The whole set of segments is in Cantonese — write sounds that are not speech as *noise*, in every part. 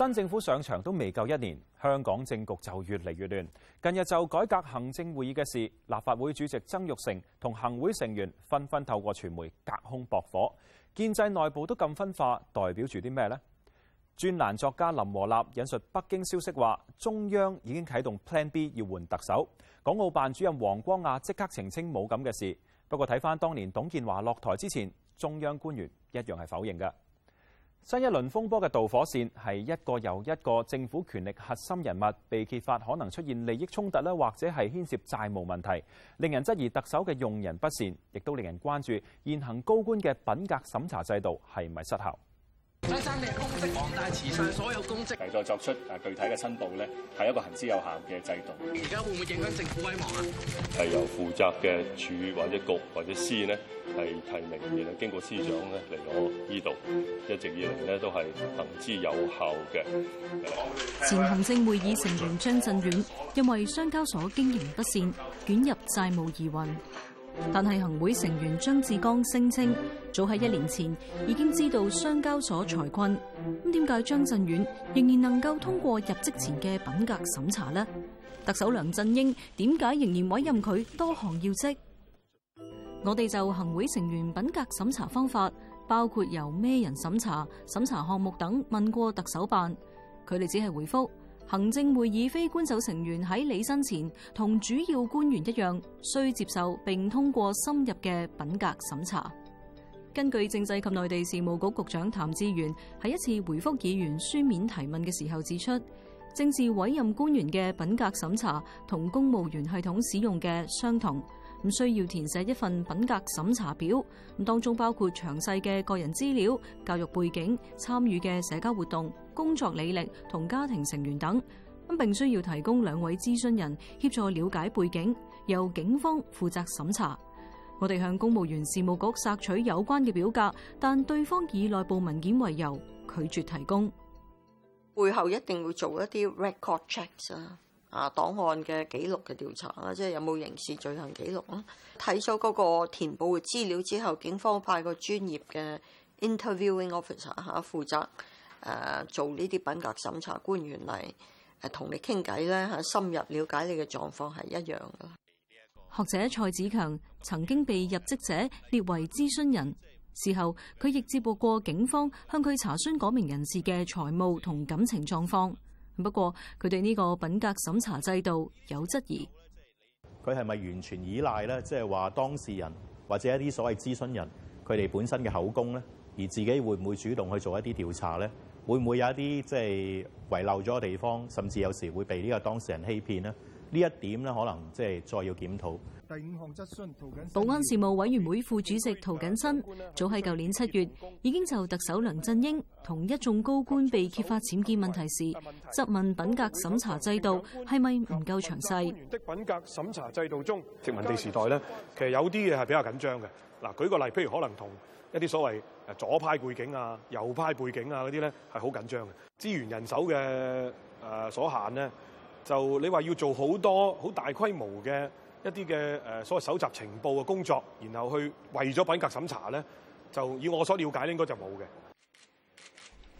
新政府上場都未夠一年，香港政局就越嚟越亂。近日就改革行政會議嘅事，立法會主席曾鈺成同行會成員紛紛透過傳媒隔空駁火，建制內部都咁分化，代表住啲咩呢？專欄作家林和立引述北京消息話，中央已經啟動 Plan B 要換特首。港澳辦主任王光亞即刻澄清冇咁嘅事。不過睇返當年董建華落台之前，中央官員一樣係否認嘅。新一輪風波嘅導火線係一個又一個政府權力核心人物被揭發可能出現利益衝突呢，或者係牽涉債務問題，令人質疑特首嘅用人不善，亦都令人關注現行高官嘅品格審查制度係咪失效？先生，你係公職，但係慈善所有公職，係再作出啊具體嘅申報咧，係一個行之有效嘅制度。而家會唔會影響政府威望啊？係由負責嘅處或者局或者司呢係提名，然後經過司長咧嚟到呢度，一直以嚟咧都係行之有效嘅。前行政會議成員張震遠，因為商交所經營不善，捲入債務疑雲。但係行會成員張志剛聲稱，早喺一年前已經知道商交所財困。咁點解張震遠仍然能夠通過入職前嘅品格審查呢？特首梁振英點解仍然委任佢多項要職？我哋就行會成員品格審查方法，包括由咩人審查、審查項目等，問過特首辦，佢哋只係回覆。行政會議非官守成員喺履新前，同主要官員一樣，須接受並通過深入嘅品格審查。根據政制及內地事務局局長譚志源喺一次回覆議員書面提問嘅時候指出，政治委任官員嘅品格審查同公務員系統使用嘅相同，唔需要填寫一份品格審查表，當中包括詳細嘅個人資料、教育背景、參與嘅社交活動、工作履歷同家庭成員等，咁並需要提供兩位諮詢人協助了解背景，由警方負責審查。我哋向公務員事務局索取有關嘅表格，但對方以內部文件為由拒絕提供。背後一定會做一啲 record checks 啊，啊檔案嘅記錄嘅調查啦，即係有冇刑事罪行記錄啦。睇咗嗰個填報嘅資料之後，警方派個專業嘅 interviewing officer 嚇、啊、負責誒、啊、做呢啲品格審查，官員嚟誒同你傾偈咧嚇，深入了解你嘅狀況係一樣嘅。學者蔡子強曾經被入職者列為諮詢人。事後，佢亦接駁過警方向佢查詢嗰名人士嘅財務同感情狀況。不過，佢對呢個品格審查制度有質疑。佢係咪完全依賴咧？即係話當事人或者一啲所謂諮詢人，佢哋本身嘅口供咧，而自己會唔會主動去做一啲調查咧？會唔會有一啲即係遺漏咗嘅地方，甚至有時會被呢個當事人欺騙咧？呢一點咧，可能即係再要檢討。第五項質詢，保安事務委員會副主席涂謹申早喺舊年七月已經就特首梁振英同一眾高官被揭發僭建問題時，質問品格審查制度係咪唔夠詳細？品格審查制度中殖民地時代咧，其實有啲嘢係比較緊張嘅。嗱，舉個例，譬如可能同一啲所謂左派背景啊、右派背景啊嗰啲咧，係好緊張嘅。資源人手嘅誒所限呢，就你話要做好多好大規模嘅。一啲嘅誒所謂搜集情報嘅工作，然後去為咗品格審查咧，就以我所了解，應該就冇嘅。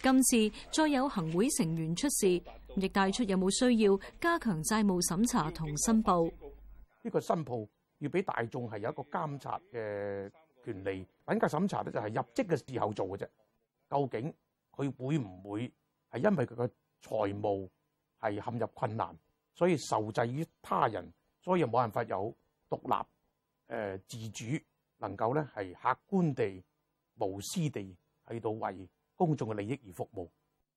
今次再有行會成員出事，亦帶出有冇需要加強債務審查同申報，呢、這個申報要俾大眾係有一個監察嘅權利。品格審查咧就係入職嘅時候做嘅啫。究竟佢會唔會係因為佢嘅財務係陷入困難，所以受制於他人？所以又冇辦法有獨立、誒、呃、自主，能夠咧係客觀地、無私地喺度為公眾嘅利益而服務。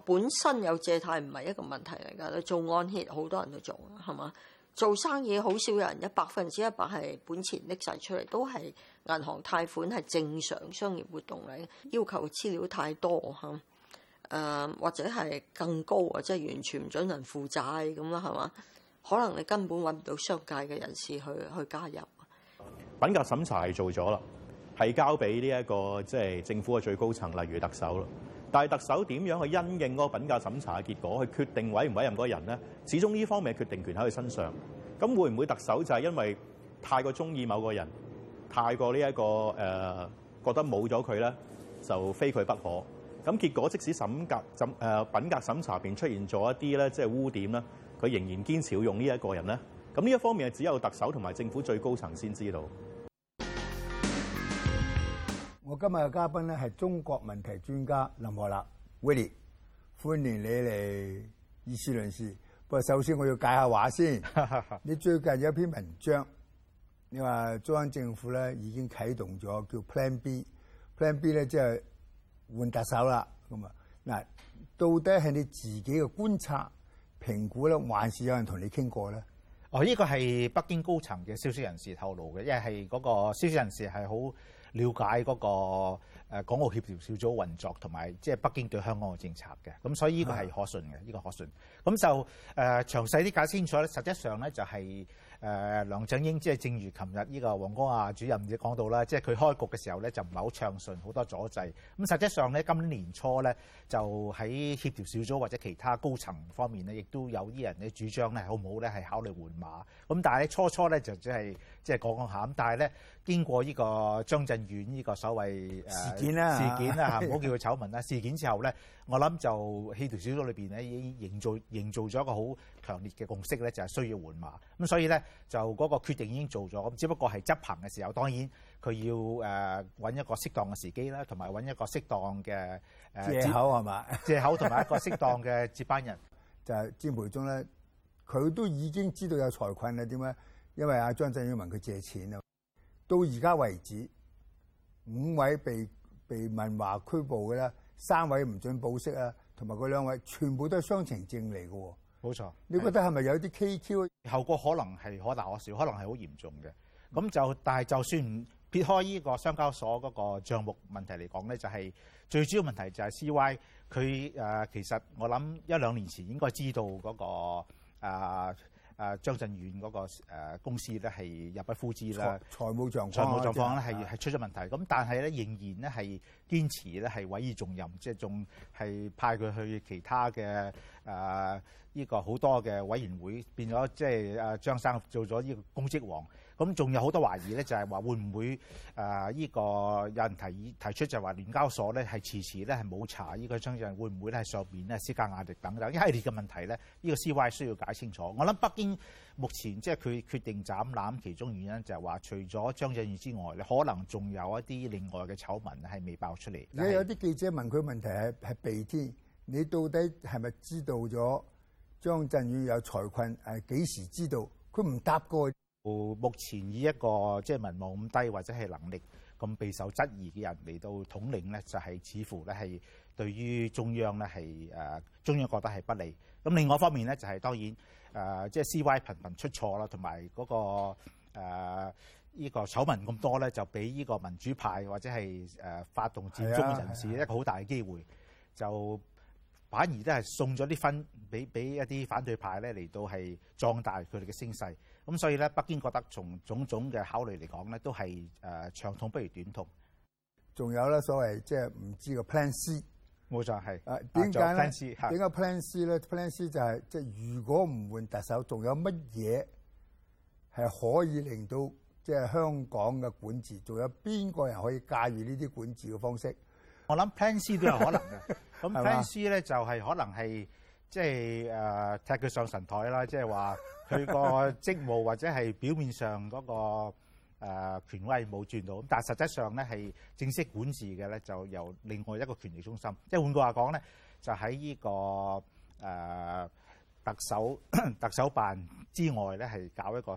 本身有借貸唔係一個問題嚟㗎，做按揭好多人都做，係嘛？做生意好少人一百分之一百係本錢拎晒出嚟，都係銀行貸款係正常商業活動嚟。要求資料太多嚇，誒、啊、或者係更高，或者係完全唔準人負債咁啦，係嘛？可能你根本揾唔到商界嘅人士去去加入。品格審查係做咗啦，係交俾呢一個即係、就是、政府嘅最高層，例如特首啦。但係特首點樣去因應嗰個品格審查嘅結果，去決定委唔委任嗰個人咧？始終呢方面嘅決定權喺佢身上。咁會唔會特首就係因為太過中意某個人，太過呢、這、一個誒、呃、覺得冇咗佢咧，就非佢不可？咁結果即使審格審誒、呃、品格審查便出現咗一啲咧，即、就、係、是、污點啦。佢仍然堅持用呢一個人咧，咁呢一方面係只有特首同埋政府最高層先知道。我今日嘅嘉賓咧係中國問題專家林和立，Willy，歡迎你嚟議事論事。不過首先我要解下話先。 *laughs* 你最近有一篇文章，你話中央政府咧已經啟動咗叫 Plan B，Plan B 咧即係換特首啦。咁啊，嗱，到底係你自己嘅觀察評估咧，還是有人同你傾過咧？哦，呢個係北京高層嘅消息人士透露嘅，因為係嗰個消息人士係好了解嗰個港澳協調小組運作同埋即係北京對香港嘅政策嘅，咁所以呢個係可信嘅，呢、啊呢個可信。咁就誒詳細啲搞清楚咧，實際上咧就係、是。誒、呃、梁振英，即係正如琴日呢個黃光亞主任亦講到啦，即係佢開局嘅時候咧就唔係好暢順，好多阻滯。咁實際上咧，今年初咧就喺協調小組或者其他高層方面咧，亦都有啲人咧主張咧，好唔好咧係考慮換馬。咁但係咧初初咧就只係即係講講下，但係咧經過呢個張震遠呢個所謂事件啦，事件啦、啊、嚇，唔好、啊啊、叫佢醜聞啦。 *laughs* 事件之後咧，我諗就協調小組裏邊咧已經營造營造咗一個好強烈嘅共識咧，就係需要換馬咁，所以咧就嗰個決定已經做咗咁，只不過係執行嘅時候，當然佢要誒揾、呃、一個適當嘅時機啦，同埋揾一個適當嘅、呃、借口，係嘛，借口，同埋一個適當嘅接班人就係、是、詹培忠咧。佢都已經知道有財困啦，點解？因為阿張振宇問佢借錢啦。到而家為止，五位被被問話拘捕嘅啦，三位唔准保釋啊，同埋佢兩位全部都係雙程證嚟嘅。冇錯，你覺得係咪有啲蹊蹺？後果可能係可大可小，可能係好嚴重嘅。咁就，但係就算撇開呢個商交所嗰個帳目問題嚟講咧，就係、是、最主要問題就係 C Y 佢、呃、其實我諗一兩年前應該知道嗰、那個、呃誒、啊、張震遠嗰、那個、啊、公司咧係入不敷支啦，財務狀況，財務狀況咧係出咗問題，咁、啊、但係咧仍然咧係堅持咧係委以重任，即係仲係派佢去其他嘅誒依個好多嘅委員會，變咗即係張生做咗呢個公職王。咁仲有好多懷疑咧，就係話會唔會誒依個有人提提出就係話聯交所咧係遲遲咧係冇查呢個張振宇，會唔會咧係上面咧施加壓力等等一系列嘅問題咧？呢個 C Y 需要解清楚。我諗北京目前即係佢決定斬纜，其中原因，就係話除咗張振宇之外，你可能仲有一啲另外嘅醜聞係未爆出嚟。有有啲記者問佢問題係係避天，你到底係咪知道咗張振宇有財困？係幾時知道？佢唔答過。目前以一個即係民望咁低或者係能力咁備受質疑嘅人嚟到統領咧，就係、是、似乎咧係對於中央咧係誒中央覺得係不利。咁另外一方面咧，就係、是、當然誒，即係 C Y 頻頻出錯啦，同埋嗰個誒呢個醜聞咁多咧，就俾、是、呢、那個啊這個、個民主派或者係誒發動佔中人士一個好大嘅機會、啊啊，就反而都係送咗啲分俾俾一啲反對派咧嚟到係壯大佢哋嘅聲勢。咁所以咧，北京覺得從種種嘅考慮嚟講咧，都係誒長痛不如短痛。仲有咧，所謂即係唔知個 plan C，冇錯係。誒點解咧？點解 plan C 咧 plan,？plan C 就係即係如果唔換特首，仲有乜嘢係可以令到即係、就是、香港嘅管治？仲有邊個人可以介入呢啲管治嘅方式？我諗 plan C 都有可能嘅。咁 *laughs* plan C 咧就係可能係。即係誒踢佢上神台啦，即係話佢個職務或者係表面上嗰個誒權威冇轉到，咁但係實際上咧係正式管治嘅咧就由另外一個權力中心。即係換句話講咧，就喺呢個誒特首特首辦之外咧，係搞一個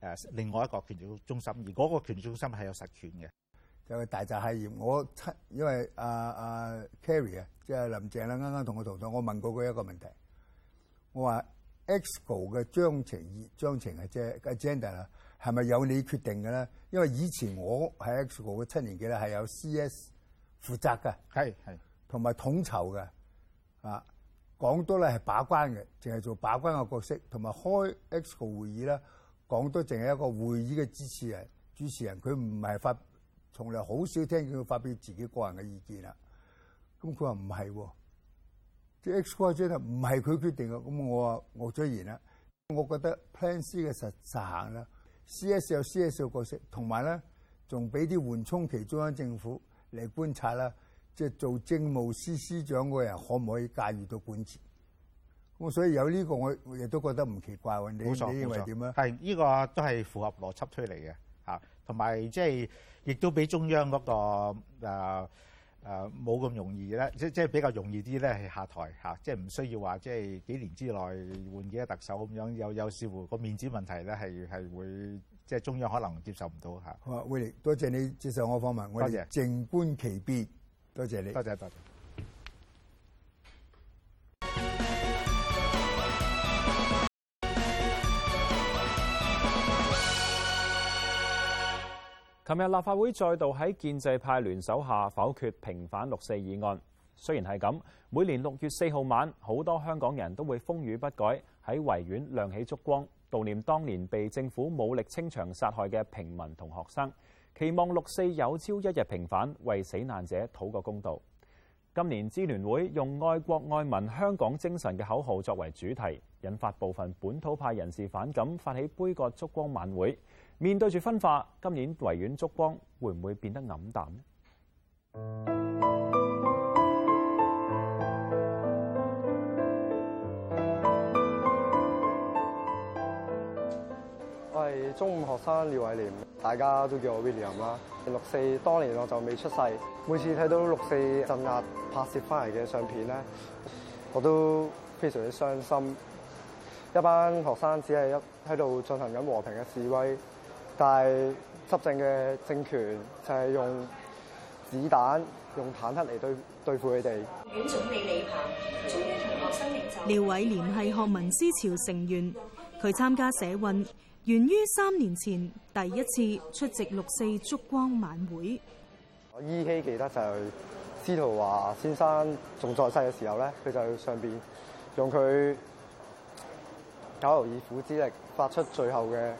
誒另外一個權力中心，而嗰個權力中心係有實權嘅。有個大雜蟹業，我七因為阿阿 Carrie 啊，即、啊、係林鄭啦，啱啱同我同坐，我問過佢一個問題。我話 Exco 嘅章程、章程嘅即係 agenda 啊，係咪由你決定嘅咧？因為以前我喺 Exco 嘅七年幾咧係有 C.S 負責嘅，係係同埋統籌嘅啊。港督咧係把關嘅，淨係做把關嘅角色，同埋開 Exco 會議咧，港督淨係一個會議嘅支持人，主持人佢唔係發。從來好少聽佢發表自己個人嘅意見啦，咁佢話唔係即啲 exclusion 唔係佢決定嘅，咁我話我再言啦，我覺得 plan C 嘅實實行啦，C S 有 C S 嘅角色，同埋咧仲俾啲緩衝期中央政府嚟觀察啦，即係做政務司司長嗰個人可唔可以介入到管治？咁所以有呢個我亦都覺得唔奇怪喎。你你認為點樣？係呢個都係符合邏輯推理嘅。同埋即係，亦都俾中央嗰、嗰個誒誒冇咁容易咧，即即係比較容易啲咧，係下台吓，即係唔需要話即係幾年之內換幾個特首咁樣，又又似乎個面子問題咧，係係會即係中央可能接受唔到吓。好啊，威多謝你接受我訪問，我哋靜觀其變。多謝你。多謝多謝多謝琴日立法會再度喺建制派聯手下否決平反六四議案。雖然係咁，每年六月四號晚，好多香港人都會風雨不改喺維園亮起燭光，悼念當年被政府武力清場殺害嘅平民同學生，期望六四有朝一日平反，為死難者討個公道。今年支聯會用愛國愛民，香港精神嘅口號作為主題，引發部分本土派人士反感，發起杯葛燭光晚會。面對住分化，今年維園燭光會唔會變得暗淡呢？我係中五學生廖偉廉，大家都叫我 William 啦。六四當年我就未出世，每次睇到六四鎮壓拍攝翻嚟嘅相片咧，我都非常之傷心。一班學生只係一喺度進行緊和平嘅示威。但係執政嘅政權就係用子彈、用坦克嚟對對付佢哋。廖偉廉係學民思潮成員，佢參加社運源於三年前第一次出席六四燭光晚會。我依稀記得就係司徒華先生仲在世嘅時候咧，佢就上邊用佢九牛二虎之力發出最後嘅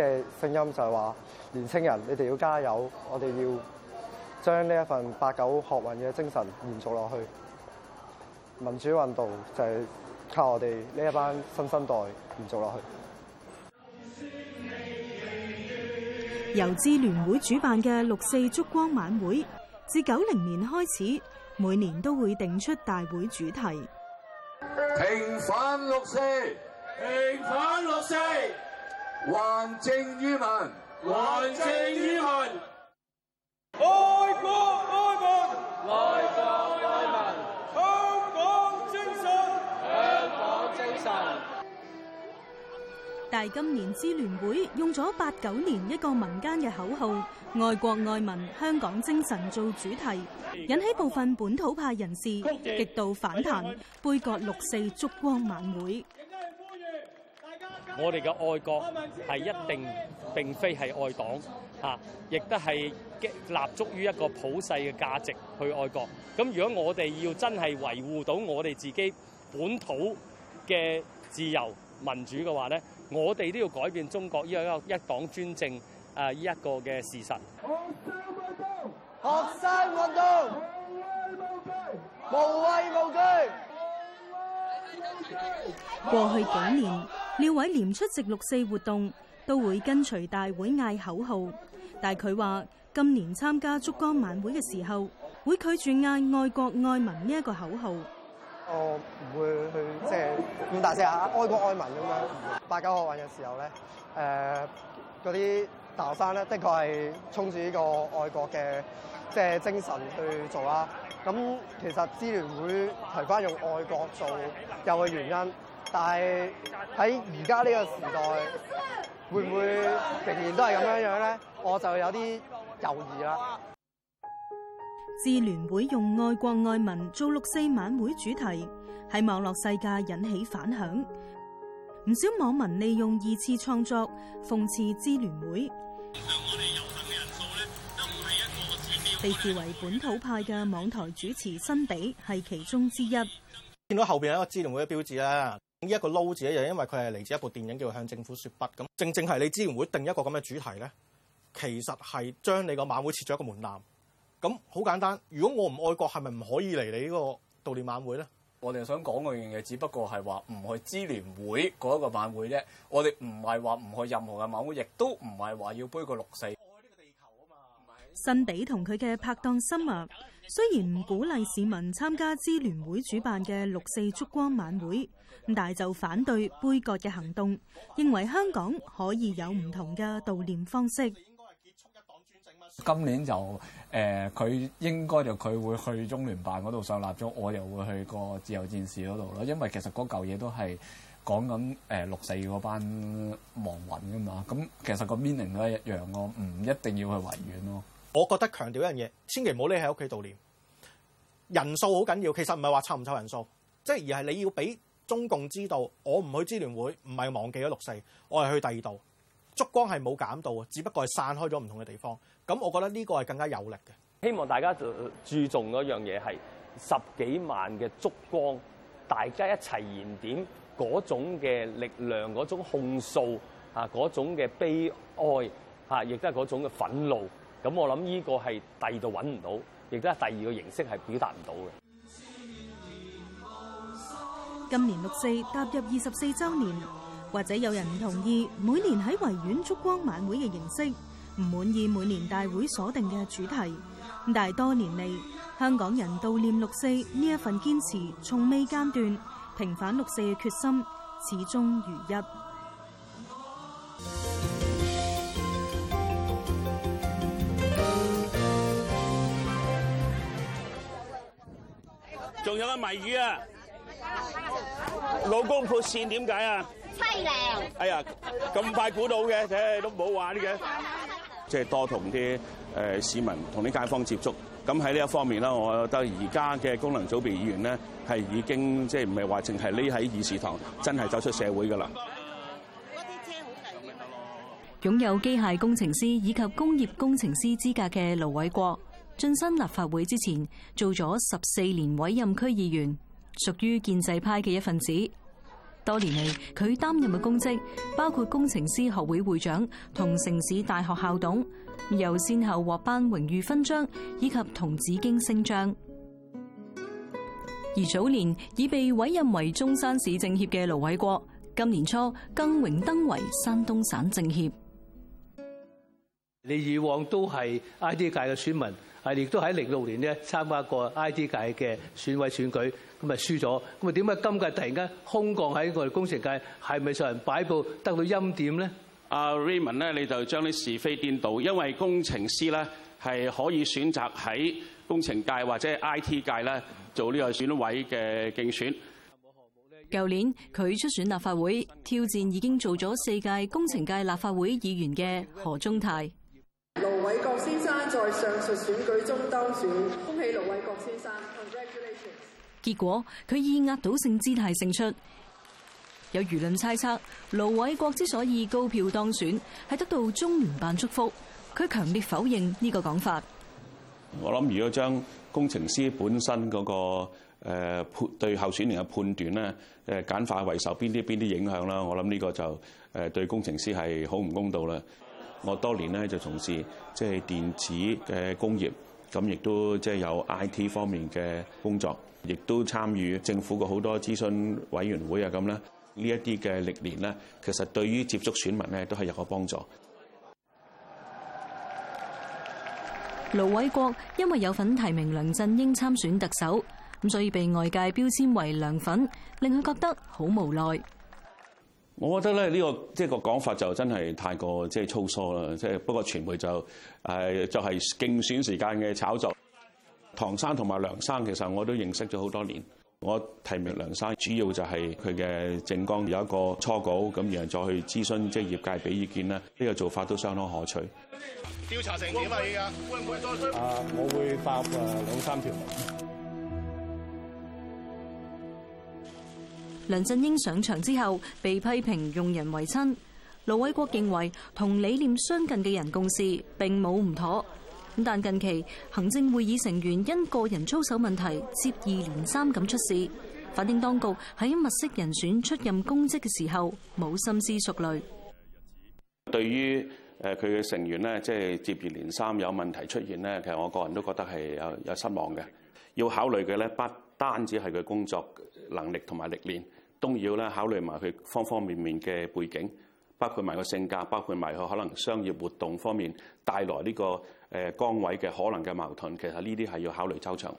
嘅聲音就係話：年青人，你哋要加油！我哋要將呢一份八九學運嘅精神延續落去。民主運動就係靠我哋呢一班新生代延續落去。由支聯會主辦嘅六四燭光晚會，自九零年開始，每年都會定出大會主題。平反六四，平反六四。還政於民，還正民，還政於民；愛國愛民，愛國愛民；香港精神，香港精神。精神。但今年支聯會用咗八九年一個民間嘅口號“愛國愛民，香港精神”做主題，引起部分本土派人士極度反彈，杯葛六四燭光晚會。我哋嘅愛國係一定並非係愛黨嚇，亦、啊、都係立足於一個普世嘅價值去愛國。咁如果我哋要真係維護到我哋自己本土嘅自由民主嘅話咧，我哋都要改變中國呢一,一、啊、一個一黨專政啊呢一個嘅事實。學生運動，無畏無懼，無畏無懼。過去幾年。無廖偉廉出席六四活動都會跟隨大會嗌口號，但係佢話今年參加燭光晚會嘅時候會拒絕嗌愛國愛民呢一個口號。我唔會去即係咁大聲啊！愛國愛民咁樣，八九學運嘅時候咧，誒嗰啲大學生咧的確係衝住呢個愛國嘅即係精神去做啦。咁其實支聯會提翻用愛國做有嘅原因。但係喺而家呢個時代，會唔會仍然都係咁樣樣咧？我就有啲猶豫啦。支聯會用愛國愛民做六四晚會主題，喺網絡世界引起反響。唔少網民利用二次創作諷刺支聯會，被視為本土派嘅網台主持新比係其中之一。見到後邊有一個支聯會嘅標誌啦。呢、這、一個撈字一樣，因為佢係嚟自一部電影叫《向政府說不》咁，正正係你支聯會定一個咁嘅主題咧，其實係將你個晚會設咗一個門檻。咁好簡單，如果我唔愛國，係咪唔可以嚟你呢個悼念晚會咧？我哋想講嗰樣嘢，只不過係話唔去支聯會嗰一個晚會啫。我哋唔係話唔去任何嘅晚會，亦都唔係話要杯葛六四。新地同佢嘅拍檔森木雖然唔鼓勵市民參加支聯會主辦嘅六四燭光晚會，但係就反對杯葛嘅行動，認為香港可以有唔同嘅悼念方式。今年就誒，佢、呃、應該就佢會去中聯辦嗰度上立咗，我又會去個自由戰士嗰度咯。因為其實嗰嚿嘢都係講緊誒六四嗰班亡魂噶嘛，咁其實個 meaning 都係一樣咯，啊，唔一定要去維園咯。我覺得強調一樣嘢，千祈唔好匿喺屋企悼念。人數好緊要，其實唔係話湊唔湊人數，即係而係你要俾中共知道，我唔去支聯會，唔係忘記咗六四，我係去第二度。燭光係冇減到啊，只不過係散開咗唔同嘅地方。咁我覺得呢個係更加有力嘅。希望大家就注重嗰樣嘢係十幾萬嘅燭光，大家一齊燃點嗰種嘅力量，嗰種控訴啊，嗰種嘅悲哀啊，亦都係嗰種嘅憤怒。咁我諗呢個係第二度揾唔到，亦都係第二個形式係表達唔到嘅。今年六四踏入二十四週年，或者有人唔同意每年喺維園燭光晚會嘅形式，唔滿意每年大會鎖定嘅主題。但係多年嚟，香港人悼念六四呢一份堅持，從未間斷，平反六四嘅決心始終如一。仲有個謎語啊！老公闊線點解啊？淒涼。哎呀，咁快估到嘅，唉，都唔好玩嘅。即係多同啲誒市民、同啲街坊接觸。咁喺呢一方面啦，我覺得而家嘅功能組別議員呢，係已經即係唔係話淨係匿喺議事堂，真係走出社會㗎啦。擁有機械工程師以及工業工程師資格嘅盧偉國。晉身立法會之前，做咗十四年委任區議員，屬於建制派嘅一份子。多年嚟，佢擔任嘅公職包括工程師學會會長同城市大學校董，又先後獲頒榮譽勳章以及銅紫荊星章。而早年已被委任為中山市政協嘅盧偉國，今年初更榮登為山東省政協。你以往都係 I D 界嘅選民。啊！亦都喺零六年呢參加過 I.T. 界嘅選委選舉，咁咪輸咗。咁啊點解今屆突然間空降喺個工程界？係咪受人擺佈得到欽點呢阿 Raymond 咧，啊、Rayman，你就將啲是非顛倒，因為工程師咧係可以選擇喺工程界或者 I.T. 界咧做呢個選委嘅競選。舊年佢出選立法會，挑戰已經做咗四屆工程界立法會議員嘅何鍾泰。在上述選舉中當選，恭喜盧偉國先生。結果，佢以壓倒性姿態勝出。有輿論猜測，盧偉國之所以高票當選，係得到中聯辦祝福。佢強烈否認呢個講法。我諗，如果將工程師本身嗰、嗰個判、呃、對候選人嘅判斷咧，誒簡化為受邊啲邊啲影響啦，我諗呢個就誒、呃、對工程師係好唔公道啦。我多年呢就從事即係電子嘅工業，咁亦都即係有 IT 方面嘅工作，亦都參與政府嘅好多諮詢委員會啊咁啦。呢一啲嘅歷年咧，其實對於接觸選民咧都係有一個幫助。盧偉國因為有份提名梁振英參選特首，咁所以被外界標籤為梁粉，令佢覺得好無奈。我覺得咧、這、呢個即係、這個講法就真係太過即係粗疏啦！即係不過傳媒就係就係、是、競選時間嘅炒作。唐生同埋梁生其實我都認識咗好多年。我提名梁生主要就係佢嘅政綱有一個初稿，咁然後再去諮詢即係、就是、業界俾意見啦。呢、這個做法都相當可取。調查成點啊？依家會唔會多？啊，我會答啊，兩三條。梁振英上場之後被批評用人為親，盧偉國認為同理念相近嘅人共事並冇唔妥。咁但近期行政會議成員因個人操守問題接二連三咁出事，反映當局喺物色人選出任公職嘅時候冇心思熟慮。對於誒佢嘅成員咧，即係接二連三有問題出現咧，其實我個人都覺得係有有失望嘅。要考慮嘅咧，不單止係佢工作能力同埋歷練。都要咧考慮埋佢方方面面嘅背景，包括埋個性格，包括埋佢可能商業活動方面帶來呢個誒崗位嘅可能嘅矛盾。其實呢啲係要考慮周詳。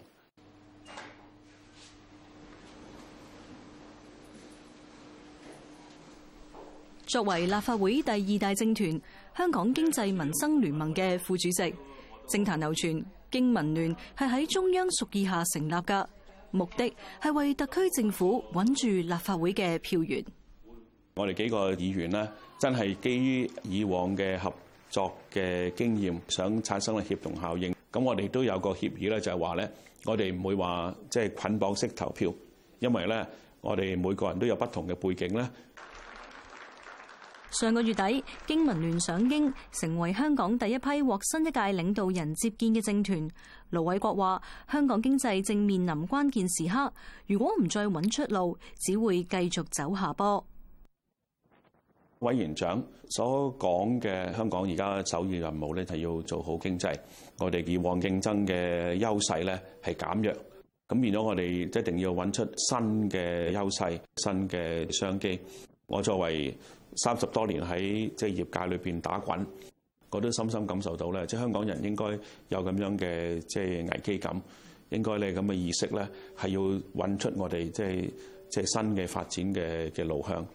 作為立法會第二大政團，香港經濟民生聯盟嘅副主席，政壇流傳經民聯係喺中央屬意下成立噶。目的係為特區政府穩住立法會嘅票源。我哋幾個議員呢，真係基於以往嘅合作嘅經驗，想產生嘅協同效應。咁我哋都有個協議咧，就係話咧，我哋唔會話即係捆綁式投票，因為咧，我哋每個人都有不同嘅背景咧。上個月底，經民聯上京，成為香港第一批獲新一屆領導人接見嘅政團。盧偉國話：香港經濟正面臨關鍵時刻，如果唔再揾出路，只會繼續走下坡。委員長所講嘅香港而家首要任務咧，就要做好經濟。我哋以往競爭嘅優勢咧係減弱，咁變咗我哋一定要揾出新嘅優勢、新嘅商機。我作為三十多年喺即係業界裏邊打滾，我都深深感受到咧，即係香港人應該有咁樣嘅即係危機感，應該咧咁嘅意識咧，係要揾出我哋即係即係新嘅發展嘅嘅路向。